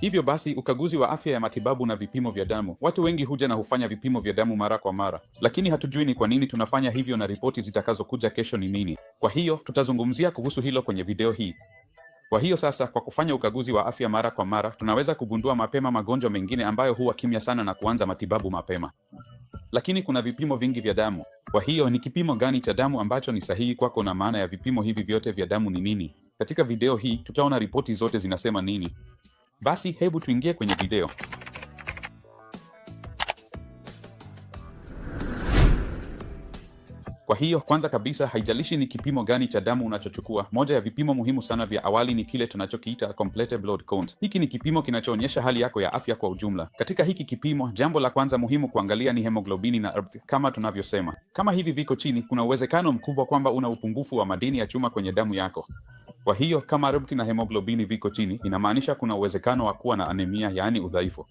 Hivyo basi, ukaguzi wa afya ya matibabu na vipimo vya damu. Watu wengi huja na hufanya vipimo vya damu mara kwa mara, lakini hatujui ni kwa nini tunafanya hivyo na ripoti zitakazokuja kesho ni nini. Kwa hiyo tutazungumzia kuhusu hilo kwenye video hii. Kwa hiyo sasa, kwa kufanya ukaguzi wa afya mara kwa mara, tunaweza kugundua mapema magonjwa mengine ambayo huwa kimya sana na kuanza matibabu mapema. Lakini kuna vipimo vingi vya damu. Kwa hiyo ni kipimo gani cha damu ambacho ni sahihi kwako na maana ya vipimo hivi vyote vya damu ni nini? Katika video hii tutaona ripoti zote zinasema nini. Basi hebu tuingie kwenye video. Kwa hiyo kwanza kabisa, haijalishi ni kipimo gani cha damu unachochukua, moja ya vipimo muhimu sana vya awali ni kile tunachokiita complete blood count. Hiki ni kipimo kinachoonyesha hali yako ya afya kwa ujumla. Katika hiki kipimo, jambo la kwanza muhimu kuangalia ni hemoglobini na earth, kama tunavyosema. Kama hivi viko chini, kuna uwezekano mkubwa kwamba una upungufu wa madini ya chuma kwenye damu yako. Kwa hiyo kama RBC na hemoglobini viko chini, inamaanisha kuna uwezekano wa kuwa na anemia, yaani udhaifu.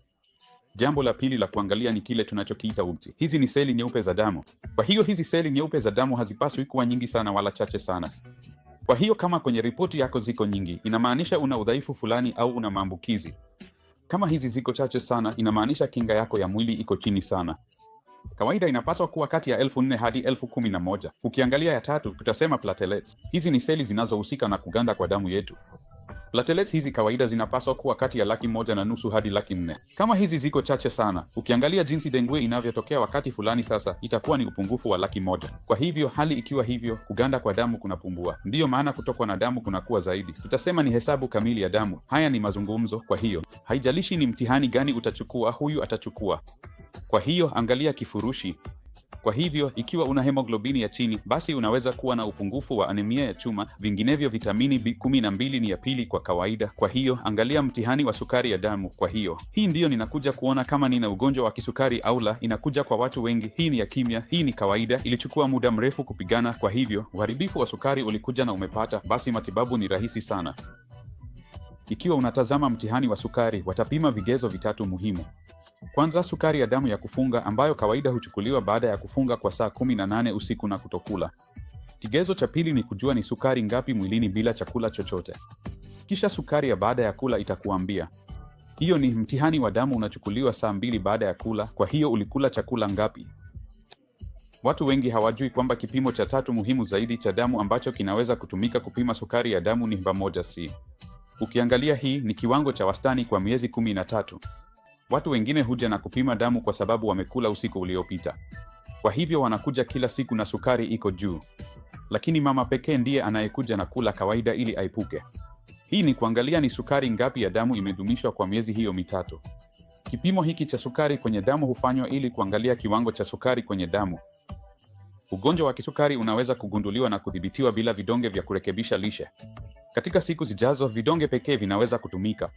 Jambo la pili la kuangalia ni kile tunachokiita UBT. Hizi ni seli nyeupe za damu. Kwa hiyo hizi seli nyeupe za damu hazipaswi kuwa nyingi sana wala chache sana. Kwa hiyo kama kwenye ripoti yako ziko nyingi, inamaanisha una udhaifu fulani au una maambukizi. Kama hizi ziko chache sana, inamaanisha kinga yako ya mwili iko chini sana. Kawaida inapaswa kuwa kati ya elfu nne hadi elfu kumi na moja. Ukiangalia ya tatu, tutasema platelets. Hizi ni seli zinazohusika na kuganda kwa damu yetu. Platelets hizi kawaida zinapaswa kuwa kati ya laki moja na nusu hadi laki nne. Kama hizi ziko chache sana, ukiangalia jinsi dengue inavyotokea wakati fulani, sasa itakuwa ni upungufu wa laki moja. Kwa hivyo hali ikiwa hivyo, kuganda kwa damu kunapungua, ndiyo maana kutokwa na damu kunakuwa zaidi. Tutasema ni hesabu kamili ya damu. Haya ni mazungumzo, kwa hiyo haijalishi ni mtihani gani utachukua, huyu atachukua kwa hiyo angalia kifurushi. Kwa hivyo ikiwa una hemoglobini ya chini, basi unaweza kuwa na upungufu wa anemia ya chuma, vinginevyo vitamini B12 ni ya pili kwa kawaida. Kwa hiyo angalia mtihani wa sukari ya damu. Kwa hiyo hii ndiyo ninakuja kuona kama nina ugonjwa wa kisukari au la. Inakuja kwa watu wengi, hii ni ya kimya, hii ni kawaida, ilichukua muda mrefu kupigana. Kwa hivyo uharibifu wa sukari ulikuja na umepata, basi matibabu ni rahisi sana. Ikiwa unatazama mtihani wa sukari, watapima vigezo vitatu muhimu. Kwanza, sukari ya damu ya kufunga ambayo kawaida huchukuliwa baada ya kufunga kwa saa 18 usiku na kutokula. Kigezo cha pili ni kujua ni sukari ngapi mwilini bila chakula chochote. Kisha sukari ya baada ya kula itakuambia. Hiyo ni mtihani wa damu unachukuliwa saa mbili baada ya kula, kwa hiyo ulikula chakula ngapi? Watu wengi hawajui kwamba kipimo cha tatu muhimu zaidi cha damu ambacho kinaweza kutumika kupima sukari ya damu ni HbA1c. Ukiangalia hii ni kiwango cha wastani kwa miezi tatu. Watu wengine huja na kupima damu kwa sababu wamekula usiku uliopita, kwa hivyo wanakuja kila siku na sukari iko juu. Lakini mama pekee ndiye anayekuja na kula kawaida ili aepuke. Hii ni kuangalia ni sukari ngapi ya damu imedumishwa kwa miezi hiyo mitatu. Kipimo hiki cha sukari kwenye damu hufanywa ili kuangalia kiwango cha sukari kwenye damu. Ugonjwa wa kisukari unaweza kugunduliwa na kudhibitiwa bila vidonge vya kurekebisha lishe. Katika siku zijazo, vidonge pekee vinaweza kutumika.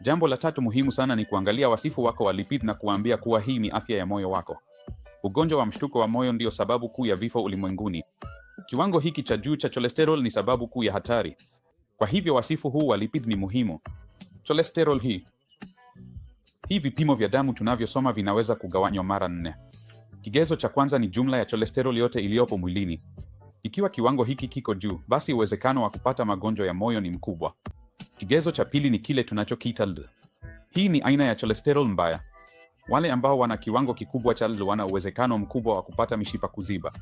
Jambo la tatu muhimu sana ni kuangalia wasifu wako wa lipid na kuwaambia kuwa hii ni afya ya moyo wako. Ugonjwa wa mshtuko wa moyo ndio sababu kuu ya vifo ulimwenguni. Kiwango hiki cha juu cha cholesterol ni sababu kuu ya hatari. Kwa hivyo wasifu huu wa lipid ni muhimu. Cholesterol hii hii vipimo vya damu tunavyosoma vinaweza kugawanywa mara nne. Kigezo cha kwanza ni jumla ya cholesterol yote iliyopo mwilini. Ikiwa kiwango hiki kiko juu, basi uwezekano wa kupata magonjwa ya moyo ni mkubwa. Kigezo cha pili ni kile tunachokiita LDL. Hii ni aina ya cholesterol mbaya. Wale ambao wana kiwango kikubwa cha LDL wana uwezekano mkubwa wa kupata mishipa kuziba.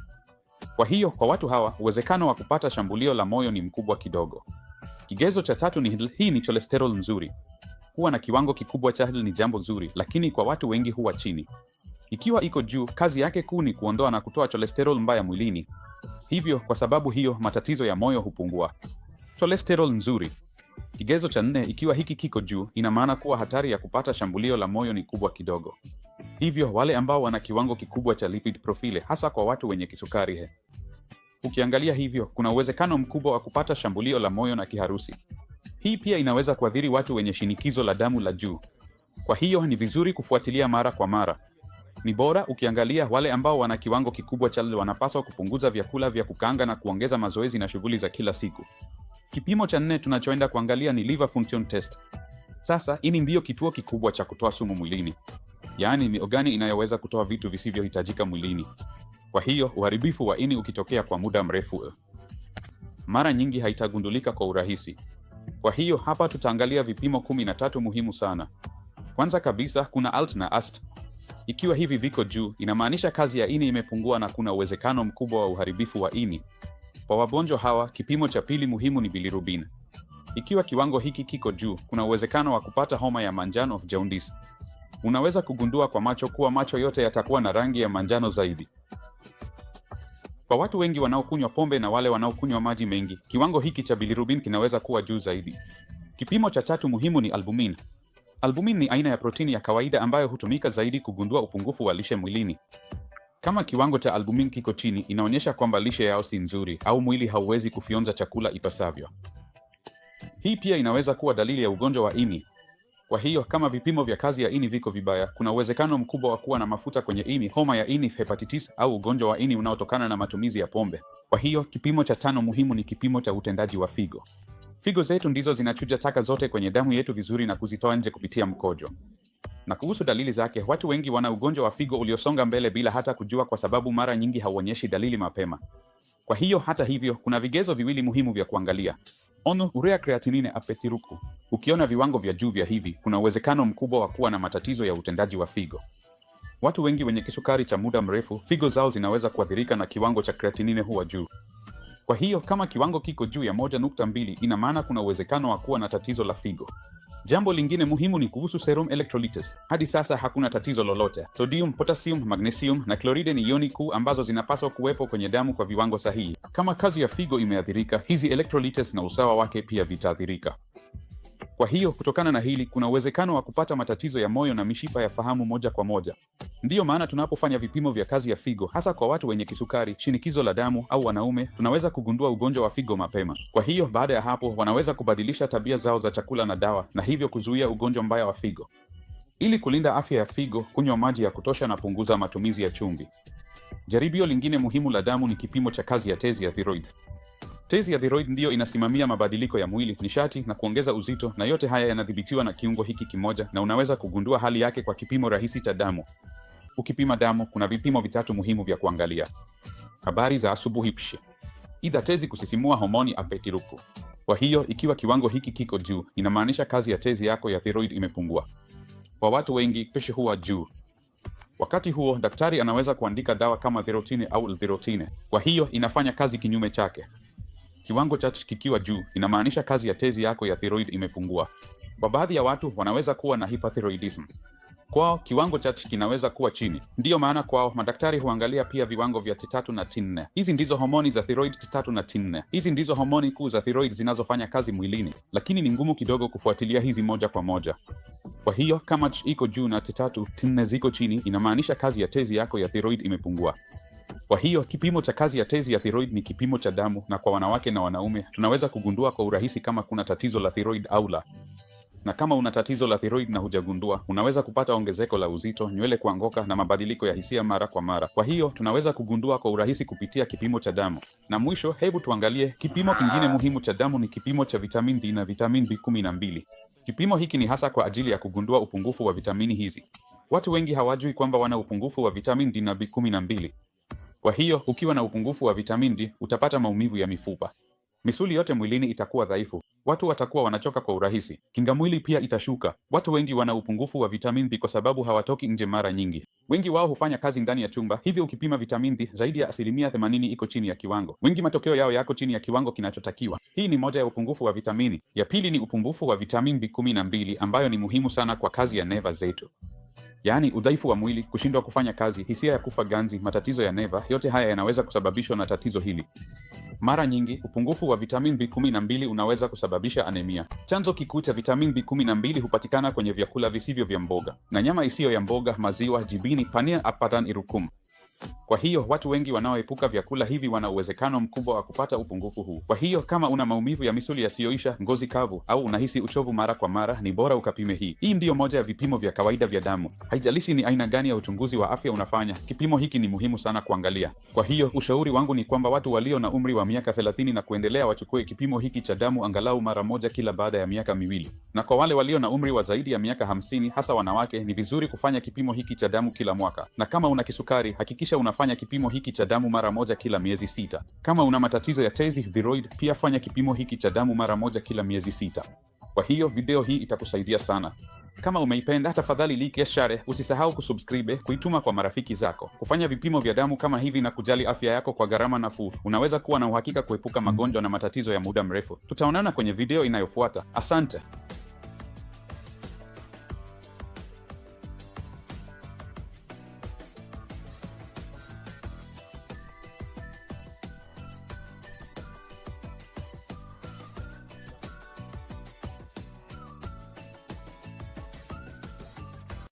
Kwa hiyo kwa watu hawa uwezekano wa kupata shambulio la moyo ni mkubwa kidogo. Kigezo cha tatu ni HDL. Hii ni cholesterol nzuri. Kuwa na kiwango kikubwa cha HDL ni jambo zuri, lakini kwa watu wengi huwa chini. Ikiwa iko juu, kazi yake kuu ni kuondoa na kutoa cholesterol mbaya mwilini. Hivyo kwa sababu hiyo matatizo ya moyo hupungua. Cholesterol nzuri Kigezo cha nne, ikiwa hiki kiko juu, ina maana kuwa hatari ya kupata shambulio la moyo ni kubwa kidogo. Hivyo wale ambao wana kiwango kikubwa cha lipid profile, hasa kwa watu wenye kisukari he, ukiangalia hivyo, kuna uwezekano mkubwa wa kupata shambulio la moyo na kiharusi. Hii pia inaweza kuathiri watu wenye shinikizo la damu la juu. Kwa hiyo ni vizuri kufuatilia mara kwa mara. Ni bora ukiangalia wale ambao wana kiwango kikubwa cha wanapaswa kupunguza vyakula vya kukanga na kuongeza mazoezi na shughuli za kila siku. Kipimo cha nne tunachoenda kuangalia ni liver function test. Sasa ini ndiyo kituo kikubwa cha kutoa sumu mwilini, yaani ni ogani inayoweza kutoa vitu visivyohitajika mwilini. Kwa hiyo uharibifu wa ini ukitokea kwa muda mrefu, mara nyingi haitagundulika kwa urahisi. Kwa hiyo hapa tutaangalia vipimo kumi na tatu muhimu sana. Kwanza kabisa kuna ALT na AST. Ikiwa hivi viko juu, inamaanisha kazi ya ini imepungua na kuna uwezekano mkubwa wa uharibifu wa ini. Kwa wagonjwa hawa, kipimo cha pili muhimu ni bilirubin. Ikiwa kiwango hiki kiko juu, kuna uwezekano wa kupata homa ya manjano jaundice. Unaweza kugundua kwa macho kuwa macho yote yatakuwa na rangi ya manjano zaidi. Kwa watu wengi wanaokunywa pombe na wale wanaokunywa maji mengi, kiwango hiki cha bilirubin kinaweza kuwa juu zaidi. Kipimo cha tatu muhimu ni albumin. Albumin ni aina ya protini ya kawaida ambayo hutumika zaidi kugundua upungufu wa lishe mwilini. Kama kiwango cha albumin kiko chini, inaonyesha kwamba lishe yao si nzuri au mwili hauwezi kufyonza chakula ipasavyo. Hii pia inaweza kuwa dalili ya ugonjwa wa ini. Kwa hiyo kama vipimo vya kazi ya ini viko vibaya, kuna uwezekano mkubwa wa kuwa na mafuta kwenye ini, homa ya ini, hepatitis au ugonjwa wa ini unaotokana na matumizi ya pombe. Kwa hiyo kipimo cha tano muhimu ni kipimo cha utendaji wa figo. Figo zetu ndizo zinachuja taka zote kwenye damu yetu vizuri na kuzitoa nje kupitia mkojo. Na kuhusu dalili zake, watu wengi wana ugonjwa wa figo uliosonga mbele bila hata kujua, kwa sababu mara nyingi hauonyeshi dalili mapema. Kwa hiyo hata hivyo, kuna vigezo viwili muhimu vya kuangalia: Urea kreatinine apetiruku. Ukiona viwango vya juu vya hivi, kuna uwezekano mkubwa wa kuwa na matatizo ya utendaji wa figo. Watu wengi wenye kisukari cha muda mrefu, figo zao zinaweza kuathirika na kiwango cha kreatinine huwa juu. Kwa hiyo kama kiwango kiko juu ya 12 ina maana kuna uwezekano wa kuwa na tatizo la figo. Jambo lingine muhimu ni kuhusu serum electrolytes. Hadi sasa hakuna tatizo lolote. Sodium, potassium, magnesium na chloride ni ioni kuu ambazo zinapaswa kuwepo kwenye damu kwa viwango sahihi. Kama kazi ya figo imeathirika, hizi electrolytes na usawa wake pia vitaathirika. Kwa hiyo kutokana na hili, kuna uwezekano wa kupata matatizo ya moyo na mishipa ya fahamu moja kwa moja. Ndiyo maana tunapofanya vipimo vya kazi ya figo, hasa kwa watu wenye kisukari, shinikizo la damu au wanaume, tunaweza kugundua ugonjwa wa figo mapema. Kwa hiyo baada ya hapo, wanaweza kubadilisha tabia zao za chakula na dawa, na hivyo kuzuia ugonjwa mbaya wa figo. Ili kulinda afya ya figo, kunywa maji ya kutosha na punguza matumizi ya chumvi. Jaribio lingine muhimu la damu ni kipimo cha kazi ya tezi ya thyroid. Tezi ya thiroid ndiyo inasimamia mabadiliko ya mwili, nishati na kuongeza uzito, na yote haya yanadhibitiwa na kiungo hiki kimoja, na unaweza kugundua hali yake kwa kipimo rahisi cha damu. Ukipima damu, kuna vipimo vitatu muhimu vya kuangalia: habari za asubuhi, psh, idha tezi kusisimua homoni apetiruku. Kwa hiyo ikiwa kiwango hiki kiko juu, inamaanisha kazi ya tezi yako ya thiroid imepungua. Kwa watu wengi, psh huwa juu. Wakati huo daktari anaweza kuandika dawa kama therotine au l-therotine, kwa hiyo inafanya kazi kinyume chake. Kiwango cha kikiwa juu, inamaanisha kazi ya tezi yako ya thyroid imepungua. Kwa baadhi ya watu wanaweza kuwa na hyperthyroidism. Kwao kiwango cha kinaweza kuwa chini, ndiyo maana kwao madaktari huangalia pia viwango vya T3 na T4. Hizi ndizo homoni za thyroid T3 na T4. Hizi ndizo homoni kuu za thyroid zinazofanya kazi mwilini, lakini ni ngumu kidogo kufuatilia hizi moja kwa moja. Kwa hiyo kama iko juu na T3, T4 ziko chini, inamaanisha kazi ya tezi yako ya thyroid imepungua. Kwa hiyo kipimo cha kazi ya tezi ya thyroid ni kipimo cha damu, na kwa wanawake na wanaume tunaweza kugundua kwa urahisi kama kuna tatizo la thyroid au la. Na kama una tatizo la thyroid na hujagundua, unaweza kupata ongezeko la uzito, nywele kuangoka na mabadiliko ya hisia mara kwa mara. Kwa hiyo tunaweza kugundua kwa urahisi kupitia kipimo cha damu. Na mwisho, hebu tuangalie kipimo kingine muhimu cha damu, ni kipimo cha vitamin D na vitamin B12. Kipimo hiki ni hasa kwa ajili ya kugundua upungufu wa vitamini hizi. Watu wengi hawajui kwamba wana upungufu wa vitamin D na B12. Kwa hiyo ukiwa na upungufu wa vitamin D utapata maumivu ya mifupa, misuli yote mwilini itakuwa dhaifu, watu watakuwa wanachoka kwa urahisi, kinga mwili pia itashuka. Watu wengi wana upungufu wa vitamin D kwa sababu hawatoki nje mara nyingi. Wengi wao hufanya kazi ndani ya chumba, hivyo ukipima vitamin D zaidi ya asilimia 80 iko chini ya kiwango. Wengi matokeo yao yako chini ya kiwango kinachotakiwa. Hii ni moja ya upungufu wa vitamini. Ya pili ni upungufu wa vitamin B kumi na mbili ambayo ni muhimu sana kwa kazi ya neva zetu yaani udhaifu wa mwili, kushindwa kufanya kazi, hisia ya kufa ganzi, matatizo ya neva, yote haya yanaweza kusababishwa na tatizo hili. Mara nyingi upungufu wa vitamin B12 unaweza kusababisha anemia. Chanzo kikuu cha vitamin B12 hupatikana kwenye vyakula visivyo vya mboga na nyama isiyo ya mboga, maziwa, jibini, pania, apatan irukum. Kwa hiyo watu wengi wanaoepuka vyakula hivi wana uwezekano mkubwa wa kupata upungufu huu. Kwa hiyo kama una maumivu ya misuli yasiyoisha, ngozi kavu, au unahisi uchovu mara kwa mara, ni bora ukapime hii. Hii ndiyo moja ya vipimo vya kawaida vya damu. Haijalishi ni aina gani ya uchunguzi wa afya unafanya, kipimo hiki ni muhimu sana kuangalia. Kwa hiyo ushauri wangu ni kwamba watu walio na umri wa miaka 30 na kuendelea wachukue kipimo hiki cha damu angalau mara moja kila baada ya miaka miwili, na kwa wale walio na umri wa zaidi ya miaka 50, hasa wanawake, ni vizuri kufanya kipimo hiki cha damu kila mwaka. Na kama una kisukari, hakikisha Hakikisha unafanya kipimo hiki cha damu mara moja kila miezi sita. Kama una matatizo ya tezi thyroid, pia fanya kipimo hiki cha damu mara moja kila miezi sita. Kwa hiyo video hii itakusaidia sana. Kama umeipenda tafadhali like, share, usisahau kusubscribe, kuituma kwa marafiki zako. Kufanya vipimo vya damu kama hivi na kujali afya yako kwa gharama nafuu, unaweza kuwa na uhakika kuepuka magonjwa na matatizo ya muda mrefu. Tutaonana kwenye video inayofuata. Asante.